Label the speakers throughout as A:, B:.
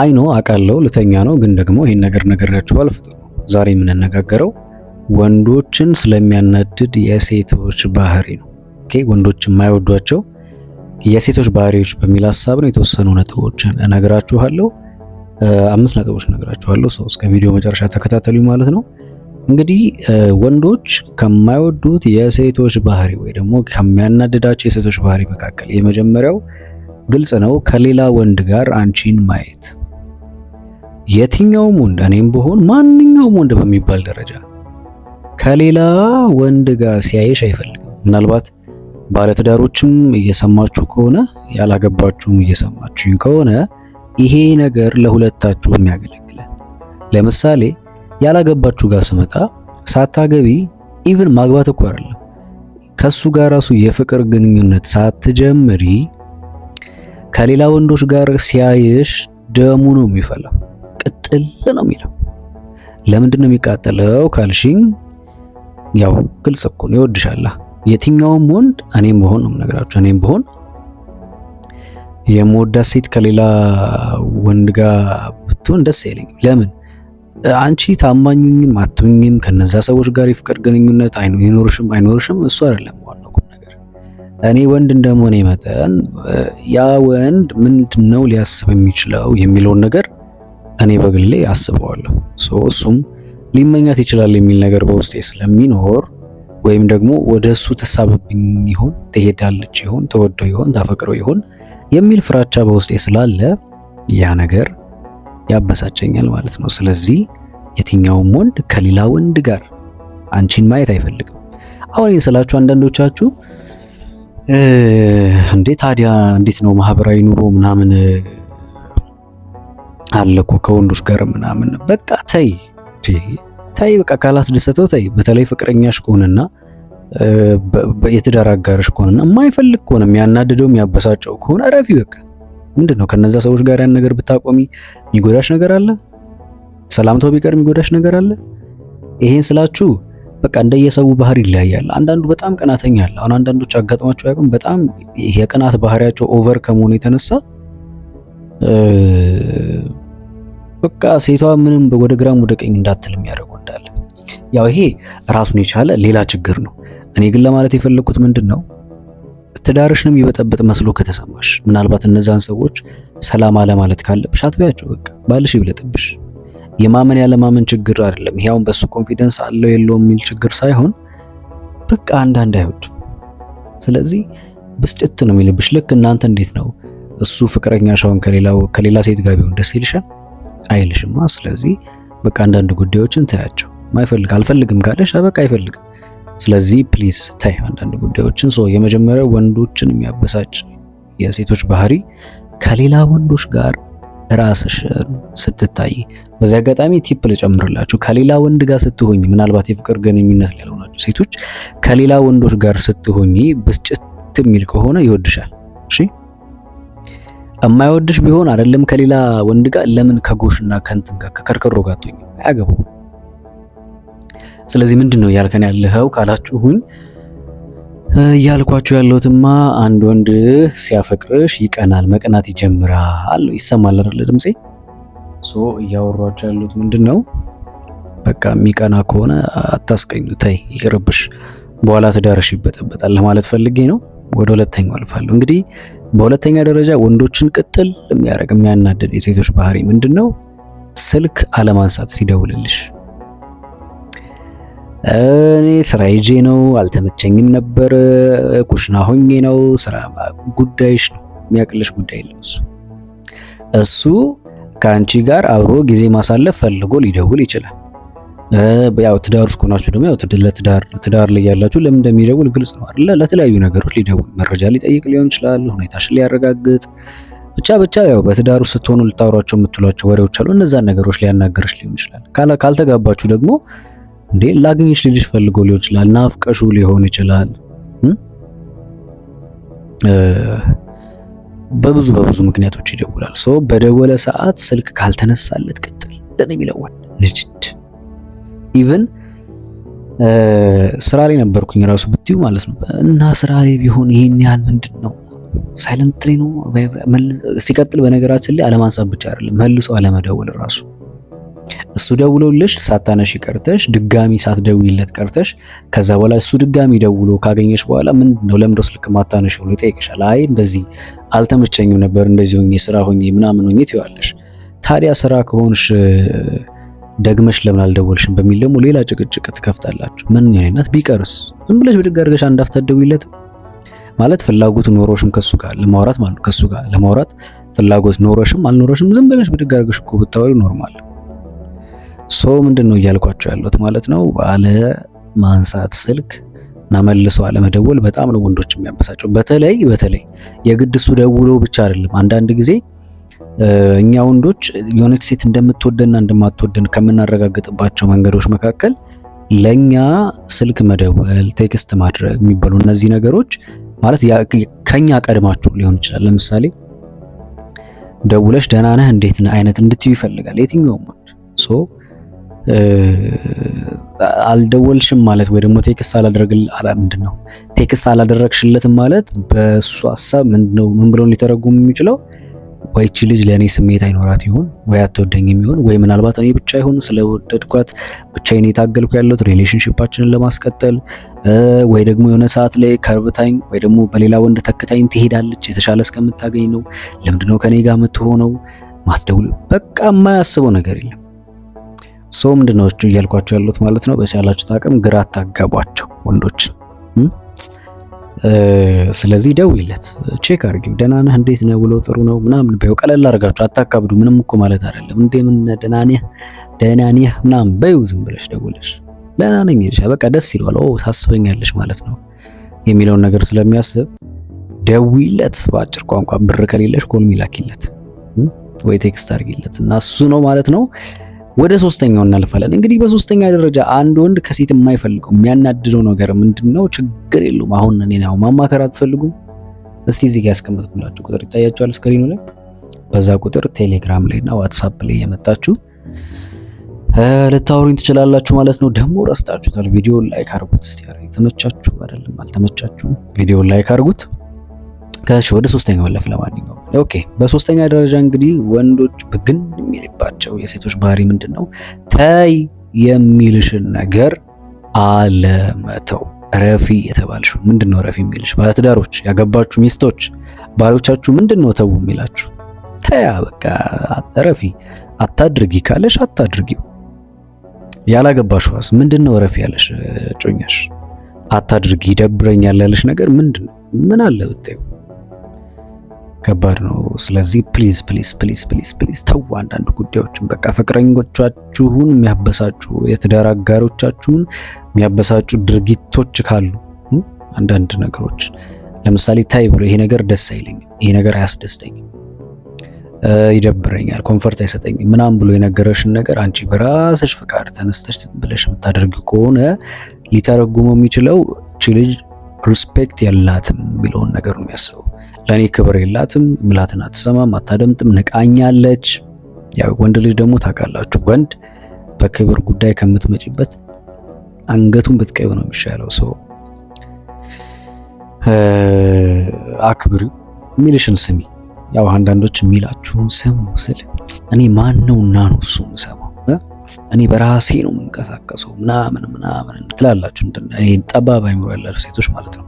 A: አይኖ አቃለው ልተኛ ነው፣ ግን ደግሞ ይህን ነገር ነገራችሁ አልፍጡ። ዛሬ የምንነጋገረው ወንዶችን ስለሚያናድድ የሴቶች ባህሪ ነው። ኦኬ ወንዶች የማይወዷቸው የሴቶች ባህሪዎች በሚል ሀሳብ ነው። የተወሰኑ ነጥቦችን እነግራችኋለሁ። አምስት ነጥቦች እነግራችኋለሁ። ሰው እስከ ቪዲዮ መጨረሻ ተከታተሉ ማለት ነው። እንግዲህ ወንዶች ከማይወዱት የሴቶች ባህሪ ወይ ደግሞ ከሚያናድዳቸው የሴቶች ባህሪ መካከል የመጀመሪያው ግልጽ ነው፣ ከሌላ ወንድ ጋር አንቺን ማየት የትኛውም ወንድ እኔም ብሆን ማንኛውም ወንድ በሚባል ደረጃ ከሌላ ወንድ ጋር ሲያይሽ አይፈልግም። ምናልባት ባለትዳሮችም እየሰማችሁ ከሆነ ያላገባችሁም እየሰማችሁኝ ከሆነ ይሄ ነገር ለሁለታችሁ የሚያገለግለን። ለምሳሌ ያላገባችሁ ጋር ስመጣ ሳታገቢ ኢቭን ማግባት እኮ አይደለም ከሱ ጋር ራሱ የፍቅር ግንኙነት ሳትጀምሪ ከሌላ ወንዶች ጋር ሲያይሽ ደሙ ነው የሚፈላው። ይቃጠል ነው የሚለው። ለምንድን ነው የሚቃጠለው ካልሽኝ፣ ያው ግልጽ እኮ ነው፣ ይወድሻላ። የትኛውም ወንድ እኔም ብሆን ነው የምነግራችሁ፣ እኔም ብሆን የምወዳት ሴት ከሌላ ወንድ ጋር ብትሆን ደስ አይለኝም። ለምን አንቺ ታማኙኝም አትሁኝም ከነዛ ሰዎች ጋር የፍቅር ግንኙነት ይኖርሽም አይኖርሽም እሱ አይደለም ዋናው ቁም ነገር። እኔ ወንድ እንደመሆኔ መጠን ያ ወንድ ምንድነው ሊያስብ የሚችለው የሚለውን ነገር እኔ በግሌ አስበዋለሁ። እሱም ሊመኛት ይችላል የሚል ነገር በውስጤ ስለሚኖር ወይም ደግሞ ወደ እሱ ትሳብብኝ ይሆን፣ ትሄዳለች ይሆን፣ ተወደው ይሆን፣ ታፈቅረው ይሆን የሚል ፍራቻ በውስጤ ስላለ ያ ነገር ያበሳጨኛል ማለት ነው። ስለዚህ የትኛውም ወንድ ከሌላ ወንድ ጋር አንቺን ማየት አይፈልግም። አሁን ስላችሁ አንዳንዶቻችሁ እንዴ ታዲያ እንዴት ነው ማህበራዊ ኑሮ ምናምን አለኮ ከወንዶች ጋር ምናምን በቃ ተይ ተይ በቃ ካላት ተይ። በተለይ ፍቅረኛሽ ከሆነና የትዳር አጋርሽ ከሆነና የማይፈልግ ከሆነ የሚያናድደው የሚያበሳጨው ከሆነ ረፊ በቃ ምንድን ነው ከነዛ ሰዎች ጋር ያን ነገር ብታቆሚ የሚጎዳሽ ነገር አለ? ሰላምታው ቢቀር የሚጎዳሽ ነገር አለ? ይሄን ስላችሁ በቃ እንደየሰው ባህሪ ይለያያል። አንዳንዱ በጣም ቀናተኛ አለ። አሁን አንዳንዶች አጋጥሟቸው ያውቅም በጣም የቅናት ባህሪያቸው ኦቨር ከመሆኑ የተነሳ በቃ ሴቷ ምንም ወደ ግራም ወደ ቀኝ እንዳትል የሚያደርጉ እንዳለ፣ ያው ይሄ ራሱን የቻለ ሌላ ችግር ነው። እኔ ግን ለማለት የፈለግኩት ምንድን ነው ትዳርሽንም ይበጠበጥ መስሎ ከተሰማሽ ምናልባት እነዛን ሰዎች ሰላም አለማለት ካለብሽ አትበያቸው። በቃ ባልሽ ይብለጥብሽ። የማመን ያለማመን ችግር አይደለም። ይሄውን በሱ ኮንፊደንስ አለው የለውም የሚል ችግር ሳይሆን በቃ አንዳንድ አይወድም። ስለዚህ ብስጭት ነው የሚልብሽ። ልክ እናንተ እንዴት ነው እሱ ፍቅረኛ አሁን ከሌላ ሴት ጋር ቢሆን ደስ ይልሻል? አይልሽማ። ስለዚህ በቃ አንዳንድ ጉዳዮችን ታያቸው። ማይፈልግ አልፈልግም ካለሽ በቃ አይፈልግም። ስለዚህ ፕሊስ ታይ አንዳንድ ጉዳዮችን። ሶ የመጀመሪያው ወንዶችን የሚያበሳጭ የሴቶች ባህሪ ከሌላ ወንዶች ጋር ራስሽን ስትታይ። በዚህ አጋጣሚ ቲፕ ልጨምርላችሁ፣ ከሌላ ወንድ ጋር ስትሆኝ፣ ምናልባት የፍቅር ግንኙነት ላይ ሆናችሁ ሴቶች ከሌላ ወንዶች ጋር ስትሆኝ ብስጭት የሚል ከሆነ ይወድሻል። እሺ የማይወድሽ ቢሆን አይደለም ከሌላ ወንድ ጋር ለምን ከጎሽና ከንትን ጋር ከከርከሮ ጋር ትሆኝ አያገቡ። ስለዚህ ምንድን ነው እያልከን ያለኸው ካላችሁኝ፣ እያልኳችሁ ያለሁትማ አንድ ወንድ ሲያፈቅርሽ ይቀናል፣ መቅናት ይጀምራል። ይሰማል አይደል ድምጼ? ሶ እያወሯችሁ ያሉት ምንድን ነው? በቃ የሚቀና ከሆነ አታስቀኙ፣ ተይ ይቅርብሽ፣ በኋላ ትዳርሽ ይበጠበጣል ለማለት ፈልጌ ነው። ወደ ሁለተኛው አልፋለሁ። እንግዲህ በሁለተኛ ደረጃ ወንዶችን ቅጥል የሚያደርግ የሚያናደድ የሴቶች ባህሪ ምንድን ነው? ስልክ አለማንሳት ሲደውልልሽ። እኔ ስራ ይዤ ነው፣ አልተመቸኝም ነበር፣ ኩሽና ሆኜ ነው፣ ስራ ጉዳይሽ ነው። የሚያቅልሽ ጉዳይ የለም እሱ እሱ ከአንቺ ጋር አብሮ ጊዜ ማሳለፍ ፈልጎ ሊደውል ይችላል። ያው ትዳር ውስጥ ከሆናችሁ ደግሞ ያው ለትዳር ትዳር ላይ ያላችሁ ለምን እንደሚደውል ግልጽ ነው አይደለ? ለተለያዩ ነገሮች ሊደውል መረጃ ሊጠይቅ ሊሆን ይችላል፣ ሁኔታሽን ሊያረጋግጥ ብቻ ብቻ ያው በትዳር ውስጥ ስትሆኑ ልታወሯቸው የምትሏቸው ወሬዎች አሉ። እነዛን ነገሮች ሊያናገርሽ ሊሆን ይችላል። ካልተጋባችሁ ደግሞ እንዴ ላግኝሽ ሊልሽ ፈልጎ ሊሆን ይችላል፣ ናፍቀሹ ሊሆን ይችላል። በብዙ በብዙ ምክንያቶች ይደውላል። ሶ በደወለ ሰዓት ስልክ ካልተነሳለት ቅጥል ደን የሚለዋል ልጅ ኢቭን ስራ ላይ ነበርኩኝ ራሱ ብትዩ ማለት ነው። እና ስራ ላይ ቢሆን ይሄን ያህል ምንድን ነው ሳይለንት ትሪ ነው ሲቀጥል፣ በነገራችን ላይ አለማንሳት ብቻ አይደለም መልሶ አለመደውል ራሱ እሱ ደውሎልሽ ሳታነሽ ቀርተሽ ድጋሚ ሳትደውይለት ቀርተሽ ከዛ በኋላ እሱ ድጋሚ ደውሎ ካገኘሽ በኋላ ምንድን ነው ለምንድነው ስልክ ማታነሽ ብሎ ይጠይቅሻል። አይ እንደዚህ አልተመቸኝም ነበር እንደዚህ ሆኜ ስራ ሆኜ ምናምን ሆኜ ትይዋለሽ። ታዲያ ስራ ከሆንሽ ደግመሽ ለምን አልደወልሽም በሚል ደግሞ ሌላ ጭቅጭቅ ትከፍታላችሁ። ምን እናት ቢቀርስ ዝም ብለሽ ብድግ አድርገሽ አንድ ደውይለት ማለት ፍላጎት ኖሮሽም ከሱ ጋር ለማውራት ማለት ከሱ ጋር ለማውራት ፍላጎት ኖሮሽም አልኖሮሽም ዝም ብለሽ ብድግ አድርገሽ እኮ ብታወሪ ኖርማል። ሶ ምንድን ነው እያልኳቸው ያለሁት ማለት ነው ባለ ማንሳት ስልክ እና መልሰው አለመደወል በጣም ነው ወንዶች የሚያበሳጨው። በተለይ በተለይ የግድ እሱ ደውሎ ብቻ አይደለም አንዳንድ ጊዜ እኛ ወንዶች የሆነች ሴት እንደምትወደና እንደማትወደን ከምናረጋግጥባቸው መንገዶች መካከል ለእኛ ስልክ መደወል፣ ቴክስት ማድረግ የሚባሉ እነዚህ ነገሮች ማለት ከኛ ቀድማችሁ ሊሆን ይችላል። ለምሳሌ ደውለሽ ደህና ነህ እንዴት ነህ አይነት እንድትዩ ይፈልጋል የትኛውም ወንድ። ሶ አልደወልሽም ማለት ወይ ደግሞ ቴክስት አላደረግል ምንድን ነው ቴክስት አላደረግሽለትም ማለት በእሱ ሀሳብ ምንድነው ምን ብሎ ሊተረጉም የሚችለው ወይ እቺ ልጅ ለእኔ ስሜት አይኖራት ይሆን ወይ አትወደኝ የሚሆን ወይ ምናልባት እኔ ብቻ ይሆን ስለወደድኳት ብቻዬን የታገልኩ ያለሁት ሪሌሽንሽፓችንን ለማስቀጠል ወይ ደግሞ የሆነ ሰዓት ላይ ከርብታኝ ወይ ደግሞ በሌላ ወንድ ተክታኝ ትሄዳለች የተሻለ እስከምታገኝ ነው ለምንድነው ከኔ ጋር የምትሆነው ማትደውል በቃ የማያስበው ነገር የለም ሰው ምንድነው እያልኳቸው ያሉት ማለት ነው በቻላችሁት አቅም ግራ አታጋቧቸው ወንዶችን ስለዚህ ደውይለት፣ ቼክ አድርጊው፣ ደህና ነህ እንዴት ነው ብሎ ጥሩ ነው ምናምን በይው። ቀለል አድርጋችሁ አታካብዱ። ምንም እኮ ማለት አይደለም። እንደምን ደህና ነህ ደህና ነህ ምናምን በይው። ዝም ብለሽ ደውለሽ ደህና ነኝ ይልሻ። በቃ ደስ ይለዋል። ኦ ሳስበኛለሽ ማለት ነው የሚለውን ነገር ስለሚያስብ ደውይለት። በአጭር ቋንቋ ብር ከሌለሽ ኮል ሚላኪለት ወይ ቴክስት አድርጊለት እና እሱ ነው ማለት ነው ወደ ሶስተኛው እናልፋለን። እንግዲህ በሶስተኛ ደረጃ አንድ ወንድ ከሴት የማይፈልገው የሚያናድደው ነገር ምንድነው? ችግር የለውም አሁን እኔ ነው ማማከር አትፈልጉም? እስቲ እዚህ ጋር ያስቀመጥኩላችሁ ቁጥር ይታያችኋል ስክሪኑ ላይ። በዛ ቁጥር ቴሌግራም ላይ እና ዋትሳፕ ላይ የመጣችሁ ልታወሩኝ ትችላላችሁ ማለት ነው። ደግሞ ረስታችሁታል። ቪዲዮ ላይክ አርጉት። እስቲ የተመቻችሁ አይደለም አልተመቻችሁም? ቪዲዮ ላይክ አርጉት። ከሺ ወደ ሶስተኛ ወለፍ ለማንኛውም ኦኬ። በሶስተኛ ደረጃ እንግዲህ ወንዶች ብግን የሚልባቸው የሴቶች ባህሪ ምንድን ነው? ተይ የሚልሽን ነገር አለመተው። ረፊ የተባልሽው ምንድን ነው? ረፊ የሚልሽ ባለትዳሮች፣ ያገባችሁ ሚስቶች፣ ባሎቻችሁ ምንድን ነው ተው የሚላችሁ? ተያ በቃ ረፊ፣ አታድርጊ ካለሽ አታድርጊው። ያላገባሽዋስ ምንድን ነው? ረፊ ያለሽ ጮኛሽ፣ አታድርጊ፣ ይደብረኛል ያለሽ ነገር ምንድን ነው? ምን አለ ብታዩ ከባድ ነው። ስለዚህ ፕሊዝ ፕሊዝ ፕሊዝ ፕሊዝ ፕሊዝ ተው አንዳንድ ጉዳዮችን በቃ ፍቅረኞቻችሁን የሚያበሳጩ የትዳር አጋሮቻችሁን የሚያበሳጩ ድርጊቶች ካሉ አንዳንድ ነገሮች ለምሳሌ ታይ ብሎ ይሄ ነገር ደስ አይለኝም፣ ይሄ ነገር አያስደስተኝም፣ ይደብረኛል፣ ኮንፈርት አይሰጠኝም ምናምን ብሎ የነገረሽን ነገር አንቺ በራስሽ ፍቃድ ተነስተሽ ብለሽ የምታደርጊው ከሆነ ሊተረጉመው የሚችለው ች ልጅ ሪስፔክት የላትም የሚለውን ነገር ነው የሚያስበው። ለእኔ ክብር የላትም፣ ምላትን አትሰማም፣ አታደምጥም፣ ንቃኛለች። ያው ወንድ ልጅ ደግሞ ታውቃላችሁ፣ ወንድ በክብር ጉዳይ ከምትመጪበት አንገቱን ብትቀዩ ነው የሚሻለው። ሰው አክብሪው፣ ሚልሽን ስሚ። ያው አንዳንዶች የሚላችሁን ስሙ ስል እኔ ማን እና ነው እሱ የምሰማው? እኔ በራሴ ነው የምንቀሳቀሰው ምናምን ምናምን ትላላችሁ። ጠባብ አይምሮ ያላችሁ ሴቶች ማለት ነው።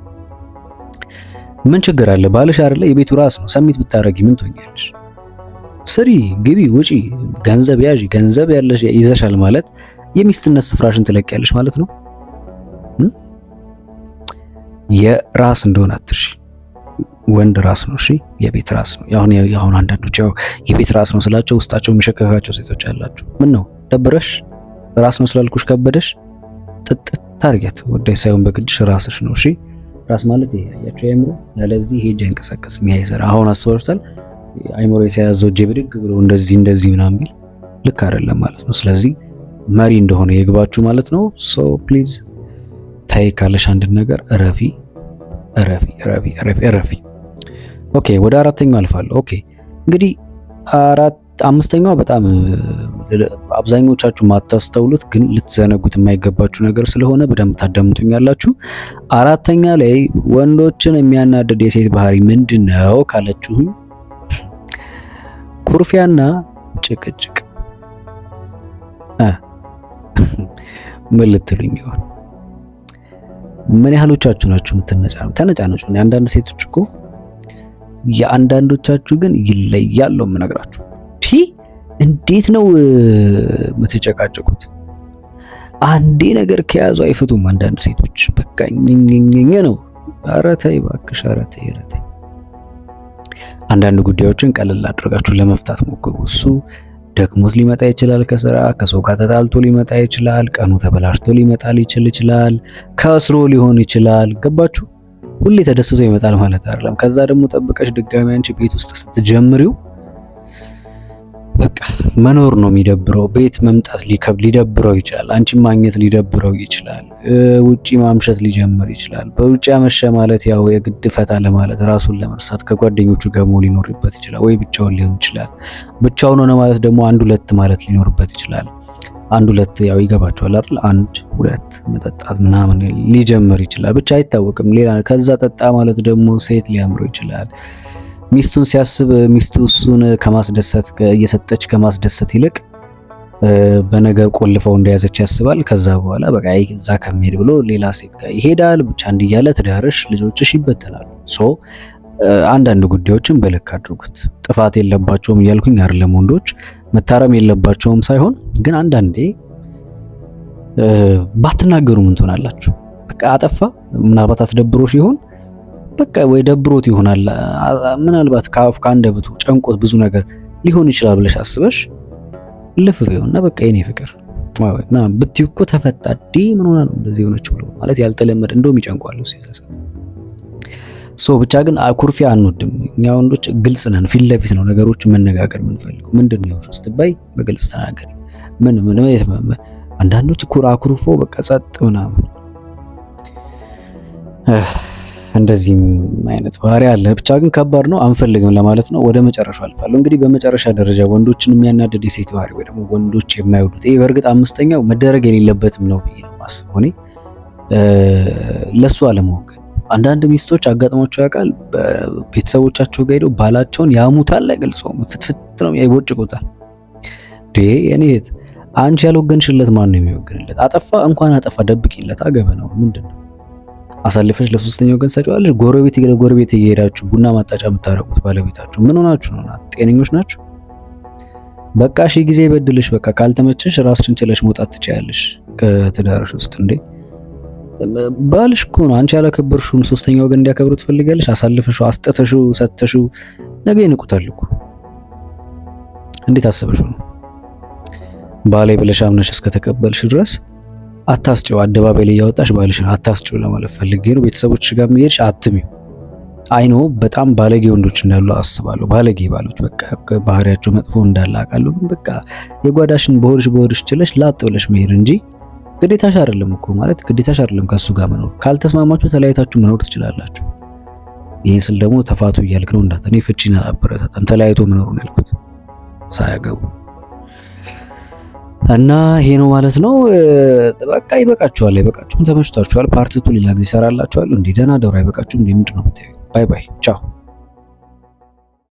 A: ምን ችግር አለ? ባልሽ አይደለ? የቤቱ ራስ ነው። ሰሚት ብታረጊ ምን ትሆኛለሽ? ስሪ፣ ግቢ፣ ውጪ፣ ገንዘብ ያዢ። ገንዘብ ያለሽ ይዘሻል ማለት የሚስትነት ስፍራሽን ትለቂያለሽ ማለት ነው። የራስ እንደሆነ አትርሺ። ወንድ ራስ ነው። እሺ፣ የቤት ራስ ነው። ያሁን ያሁን አንዳንዶች ያው የቤት ራስ ነው ስላቸው ውስጣቸው የሚሸከካቸው ሴቶች አላቸው። ምን ነው ደብረሽ ራስ ነው ስላልኩሽ ከበደሽ ጥጥት ታርጌት ወደ ሳይሆን በግድሽ ራስሽ ነው። እሺ ራስ ማለት ይሄ ያያቸው የአእምሮ ያለዚህ ሄጅ አይንቀሳቀስም። ይሄ አይሰራ። አሁን አስበርታል አእምሮ የተያዘው እጄ ብድግ ብሎ እንደዚህ እንደዚህ ምናምን ቢል ልክ አይደለም ማለት ነው። ስለዚህ መሪ እንደሆነ የግባችሁ ማለት ነው። ሶ ፕሊዝ ታይ ካለሽ አንድን ነገር እረፊ፣ እረፊ፣ እረፊ፣ እረፊ፣ እረፊ። ኦኬ ወደ አራተኛው አልፋለሁ። ኦኬ እንግዲህ አራት አምስተኛው በጣም አብዛኞቻችሁ ማታስተውሉት ግን ልትዘነጉት የማይገባችሁ ነገር ስለሆነ በደንብ ታዳምጡኛላችሁ። አራተኛ ላይ ወንዶችን የሚያናድድ የሴት ባህሪ ምንድን ነው ካለችሁም ኩርፊያና ጭቅጭቅ። ምን ልትሉኝ ይሆን? ምን ያህሎቻችሁ ናችሁ ተነጫነጩ? አንዳንድ ሴቶች እኮ የአንዳንዶቻችሁ ግን ይለያል ነው የምነግራችሁ። እንዴት ነው የምትጨቃጨቁት? አንዴ ነገር ከያዙ አይፈቱም። አንዳንድ ሴቶች በቃ ኝኝኝኝ ነው። ኧረ ተይ እባክሽ፣ ኧረ ተይ፣ ኧረ ተይ። አንዳንድ ጉዳዮችን ቀለል አድርጋችሁ ለመፍታት ሞክሩ። እሱ ደክሞት ሊመጣ ይችላል ከስራ ከሰው ጋር ተጣልቶ ሊመጣ ይችላል። ቀኑ ተበላሽቶ ሊመጣ ሊችል ይችላል። ከስሮ ሊሆን ይችላል። ገባችሁ? ሁሌ ተደስቶ ይመጣል ማለት አይደለም። ከዛ ደግሞ ጠብቀሽ ድጋሚ አንቺ ቤት ውስጥ ስትጀምሪው በቃ መኖር ነው የሚደብረው። ቤት መምጣት ሊደብረው ይችላል። አንቺን ማግኘት ሊደብረው ይችላል። ውጪ ማምሸት ሊጀምር ይችላል። በውጭ አመሸ ማለት ያው የግድ ፈታ ለማለት ራሱን ለመርሳት ከጓደኞቹ ጋር ሊኖርበት ይችላል፣ ወይ ብቻውን ሊሆን ይችላል። ብቻውን ሆነ ማለት ደግሞ አንድ ሁለት ማለት ሊኖርበት ይችላል። አንድ ሁለት ያው ይገባቸዋል አይደል? አንድ ሁለት መጠጣት ምናምን ሊጀምር ይችላል። ብቻ አይታወቅም። ሌላ ከዛ ጠጣ ማለት ደግሞ ሴት ሊያምረው ይችላል። ሚስቱን ሲያስብ ሚስቱ እሱን ከማስደሰት እየሰጠች ከማስደሰት ይልቅ በነገር ቆልፈው እንደያዘች ያስባል። ከዛ በኋላ በቃ እዛ ከሚሄድ ብሎ ሌላ ሴት ጋር ይሄዳል። ብቻ እንዲህ እያለ ትዳርሽ፣ ልጆችሽ ይበተናሉ። ሶ አንዳንድ ጉዳዮችን በልክ አድርጉት። ጥፋት የለባቸውም እያልኩኝ አይደለም። ወንዶች መታረም የለባቸውም ሳይሆን ግን አንዳንዴ ባትናገሩ ምን ትሆናላችሁ? በቃ አጠፋ ምናልባት አስደብሮ ይሆን በቃ ወይ ደብሮት ይሆናል ምናልባት ከአፉ ከአንደበቱ ጨንቆት ብዙ ነገር ሊሆን ይችላል ብለሽ አስበሽ ልፍ ቢሆንና በቃ የኔ ፍቅር ና ብትይ እኮ ተፈጣዲ ምን ሆነ ነው እንደዚህ ሆነች ብሎ ማለት ያልተለመደ እንደውም ይጨንቋል ሲሰሳ ሶ ብቻ ግን ኩርፊያ አንወድም እኛ ወንዶች ግልጽ ነን። ፊት ለፊት ነው ነገሮች መነጋገር የምንፈልገው። ምንድን ነው ስትባይ በግልጽ ተናገሪ። ምን ምን አንዳንዶች ኩራ ኩርፎ በቃ ጸጥ ምናምን እንደዚህም አይነት ባህሪ አለ። ብቻ ግን ከባድ ነው፣ አንፈልግም ለማለት ነው። ወደ መጨረሻው አልፋለሁ። እንግዲህ በመጨረሻ ደረጃ ወንዶችን የሚያናደድ የሴት ባህሪ ወይ ደግሞ ወንዶች የማይወዱት ይህ በእርግጥ አምስተኛው መደረግ የሌለበትም ነው ብዬ ነው ማስበው። እኔ ለእሱ አለመወገን አንዳንድ ሚስቶች አጋጥሟቸው ያውቃል። ቤተሰቦቻቸው ጋር ሄደው ባላቸውን ያሙታል፣ አይገልጸውም፣ ፍትፍት ነው ይቦጭቁታል። እኔ አንቺ ያልወገንሽለት ማን ነው የሚወገንለት? አጠፋ እንኳን አጠፋ ደብቂለት፣ አገበ ነው ምንድን ነው አሳልፈሽ ለሶስተኛ ወገን ሰጪዋለሽ። ጎረቤት ጎረቤት እየሄዳችሁ ቡና ማጣጫ የምታረቁት ባለቤታችሁ ምን ሆናችሁ ነው? ጤነኞች ናችሁ? በቃ ሺ ጊዜ ይበድልሽ። በቃ ካልተመቸሽ ራስሽን ችለሽ መውጣት ትችያለሽ ከትዳርሽ ውስጥ እንዴ። ባልሽ እኮ ነው አንቺ ያላከበርሽውን ሶስተኛ ወገን እንዲያከብሩ ትፈልጋለሽ። አሳልፈሽው፣ አስጠተሽው፣ ሰተሽው ነገ ይንቁታል እኮ። እንዴት አስበሽው ነው ባሌ ብለሽ አምነሽ እስከተቀበልሽ ድረስ አታስጪው፣ አደባባይ ላይ እያወጣሽ ባልሽን አታስጪው ለማለት ፈልጌ ነው። ቤተሰቦች ጋር እየሄድሽ አትሚው። አይኖ በጣም ባለጌ ወንዶች እንዳሉ አስባለሁ። ባለጌ ባሎች በቃ ባህሪያቸው መጥፎ እንዳለ አውቃለሁ። ግን በቃ የጓዳሽን በሆድሽ በሆድሽ ችለሽ ላጥ ብለሽ መሄድ እንጂ ግዴታሽ አይደለም እኮ ማለት ግዴታሽ አይደለም ከሱ ጋር መኖር። ካልተስማማችሁ ተለያይታችሁ መኖር ትችላላችሁ። ይህን ስል ደግሞ ተፋቱ እያልክ ነው እንዳትል። እኔ ፍቺን አላበረታታም፣ ተለያይቶ መኖሩን ያልኩት ሳያገቡ እና ይሄ ነው ማለት ነው። በቃ ይበቃችኋል፣ አይበቃችሁም፣ ተመችቷችኋል። ፓርቲቱ ሌላ ጊዜ ይሰራላችኋል። እንዲህ ደህና ደሩ አይበቃችሁም። ምንድን ነው? ባይ ባይ፣ ቻው